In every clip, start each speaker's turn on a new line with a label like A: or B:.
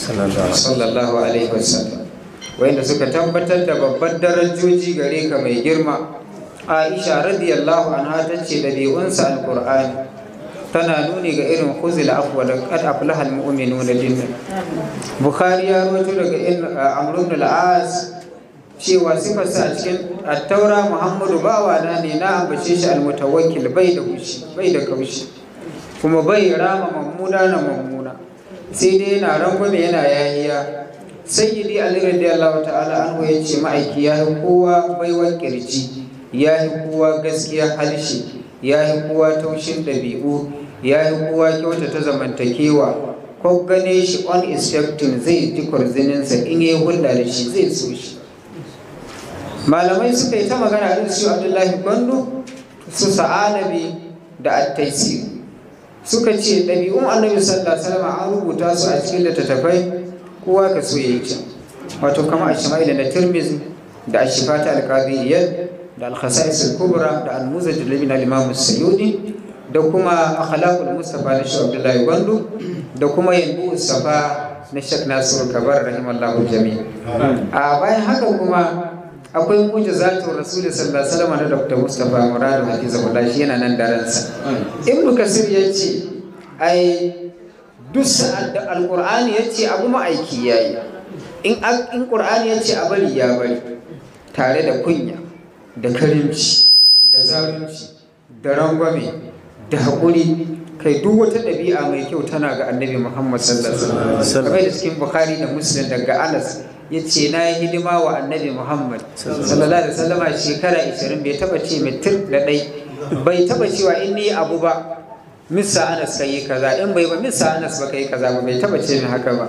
A: sallallahu alaihi wasallam wanda suka tabbatar da babbar darajoji gare ka mai girma aisha radiyallahu anha ta ce unsa alkur'ani tana nuni ga irin khuzul afwa da kad aflaha almu'minun dinna bukhari ya rawaito daga eh, amr ibn al-as cewa sifar a cikin attaura muhammadu bawa na ne na ambace shi almutawakkil bai da bai da kaushi kuma bai rama mammuna na mammuna sai dai yana mai yana yahiya sayyidi da radiyallahu ta'ala an ya ce ma'aiki ya yi kowa baiwar kirji ya yi kowa gaskiya halshe ya yi kowa taushin ɗabi'u ya yi kowa kyauta ta zamantakewa ko gane shi on inspecting zai ji kwarzininsa in yi hulɗa da shi zai so shi malamai suka yi ta magana da su abdullahi bandu su sa'alabi da attaisi suka ce ɗabi'un annabi sallallahu alaihi wasallam an rubuta su a cikin littattafai kowa ka so ya ci wato kama a shima'ila da tirmizi da ashifata alqabiyyah da al-khasa'is al-kubra da almuzar da al-libna al da kuma akhlaqul mustafa na shi abdullahi gwandu da kuma yanzu safa na shak Nasiru kabar rahimallahu jami'a a bayan haka kuma akwai muja rasul sallallahu alaihi wasallam na dr mustapha muradu hafizahullah shi yana nan da ransa ibnu kasir ya ai duk da alqur'ani ya ce abu aiki yayi in in qur'ani yace a bari ya bari tare da kunya da karimci da zalunci da rangwame da hakuri, kai duk wata ɗabi'a mai kyau tana ga annabi muhammad sallallahu alaihi wasallam kamar da cikin bukhari da muslim daga anas ya ce na yi hidima wa annabi muhammad sallallahu alaihi wasallama shekara 20 bai taba ce mitir da ɗai bai taba cewa in ni abu ba misa anas ka yi kaza in bai ba misa anas ba kai yi kaza ba bai taba ce mai haka ba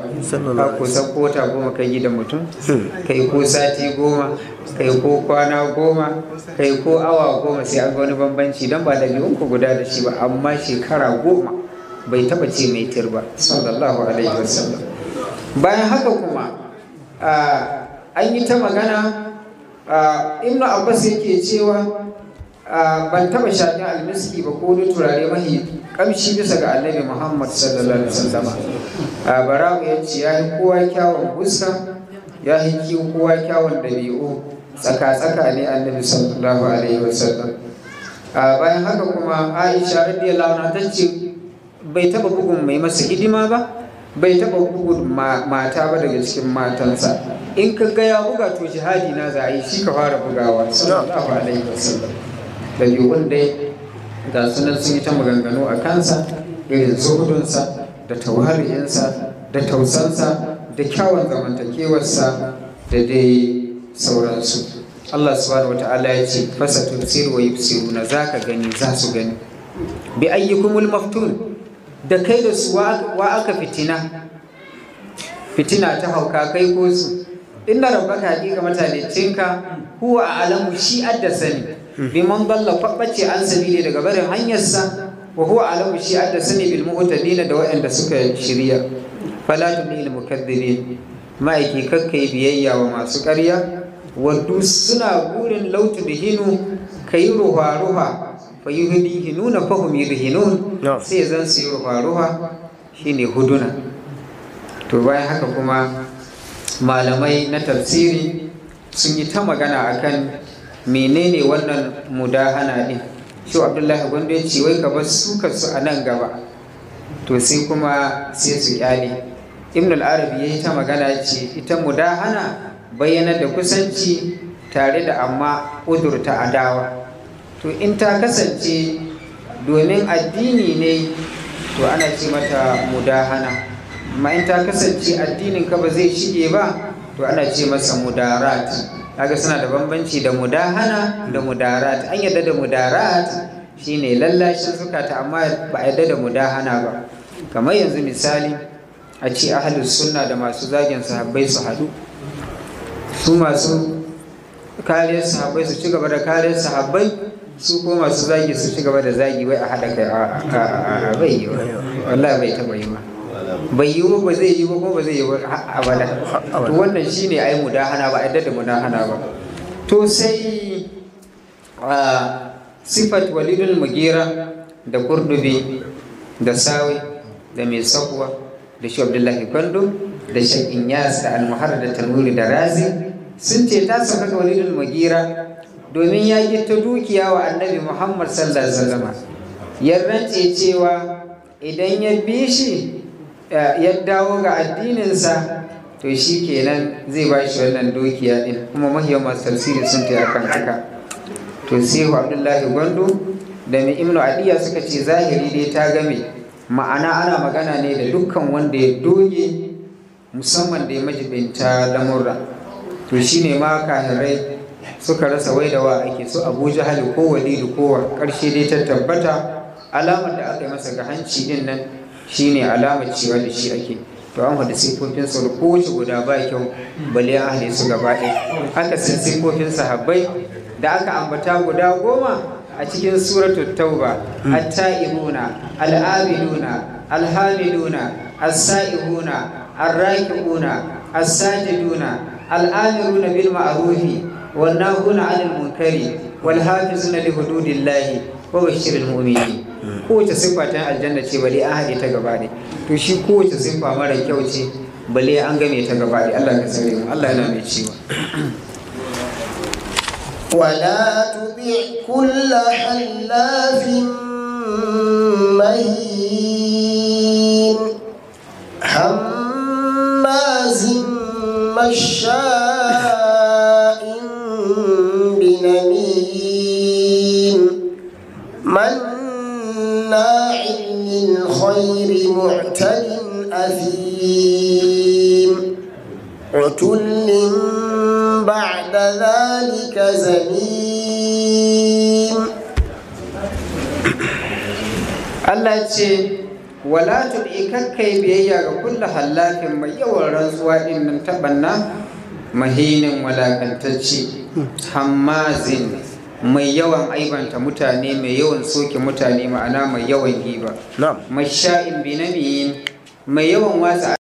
A: ka kusan kota goma ka yi da mutum hmm. ka yi ko sati goma ka yi ko kwana goma ka yi ko awa goma sai an ga wani bambanci don ba ɗabi'un ku guda da shi ba amma shekara goma bai taba ce mai tir ba sallallahu alaihi wasallam bayan haka kuma an yi ta magana ibnu abbas yake cewa ban taba shafin almiski ba ko wani turare mahi kamshi bisa ga annabi muhammad sallallahu alaihi wasallam barawo ya ce ya yi kowa kyawun fuska ya yi kowa kyawun dabi'u. tsaka-tsaka ne annabi sallallahu alaihi wasallam bayan haka kuma aisha radiyallahu anha ta ce bai taba bugun mai masa hidima ba bai taba bugun mata ba daga cikin matansa in ka ga ya buga to jihadi na za a yi shi ka fara bugawa sallallahu alaihi wasallam dabi'un dai ga sunan sun yi ta maganganu a kansa irin zuhudunsa da tawariyinsa da tausansa da kyawun zamantakewarsa da dai sauransu Allah subhanahu Ta'ala ya ce fasa tun wa za ka gani za su gani bi ayyukumul maftun da kai da su wa aka fitina fitina ta hauka kai ko su ka inna ga mutane cinka huwa alamu shi adda sani man dalla kwabace an sabili daga barin hanyarsa wa huwa alamu shi adda sani bil muhtadin da waɗanda suka shirya fala tumil mukaddibin ma'aiki kakkai biyayya wa masu ƙarya waddu suna burin lautu bihinu kai ruha ruha fa nuna fa da hinu sai zan su faruwa shine huduna to bayan haka kuma malamai na tafsiri sun yi ta magana akan menene wannan mudahana din shi abdullahi gwanda ya ce wai ka bar ka su a nan gaba to sai kuma sai su kyale ibn al-arabi ya yi ta magana ce ita mudahana bayyana da kusanci tare da amma udurta adawa to in ta kasance domin addini ne to ana ce mata mudahana amma in ta kasance addinin ka ba zai shige ba to ana ce masa mudarat kaga suna da bambanci da mudahana da mudarat an yadda da mudarat shine lallashin zukata amma ba a yadda da mudahana ba kamar yanzu misali a ce ahalus sunna da masu zagin sahabbai su haɗu su masu kariyar sahabbai su ci gaba da kariyar sahabbai su ko masu zagi su ci gaba da zagi wai a haɗa kai a bai yi wallahi bai taɓa yi ba bai yi ba zai yi ba ko ba zai yi ba abada to wannan shine ai mudahana ba A da mudahana ba to sai sifat walidul mugira da kurdubi da sawi da mai sakwa da shi abdullahi kwando da shi yas da almuhar da tanuri da razi sun ce ta sauka ga walidul mugira domin ya ta dukiya wa annabi muhammad sallallahu alaihi ya rantse cewa idan ya bi shi eh, ya dawo ga addininsa to shi kenan zai ba shi wannan dukiya din kuma mahiyar masu tafsiri sun ta akan haka to sai abdullahi gwandu da mai imnu adiya suka ce zahiri dai ta game ma'ana ana magana ne da dukkan wanda ya doge musamman da ya majibinta lamurra to shine ma kahirai suka rasa wai da wa ake so abu jahali ko walidu ko ƙarshe dai ta tabbata alamar da aka yi masa ga hanci din nan shine alamar cewa da shi ake to an hada siffofin sa ko wace guda ba kyau bale an hade su gaba ɗaya aka sun siffofin sahabbai da aka ambata guda goma a cikin suratul tauba at-ta'ibuna al-abiduna al-hamiduna as-sa'ihuna ar-raki'una as-sajiduna al-amiruna bil والناهون عن المنكر والحافظون لحدود الله وبشر المؤمنين kowace siffa ta aljanna ce bale an haɗe ta gaba ne to shi kowace siffa mara kyau ce bale an game ta gaba ne Allah ka mu Allah yana mai cewa ولا تطع كل حلاف مهين هماز مشاء بنميم مناع للخير معتد أثيم عتل بعد ذلك زنيم Allah ce wala tuɗi kakkai biyayya ga kulla halafin mai yawan rantsuwa ɗin nan taɓanna mahinin walakantacce hammazin mai yawan aibanta mutane mai yawan soke mutane ma'ana mai yawan giba mashayin binamiyin mai yawan wasa.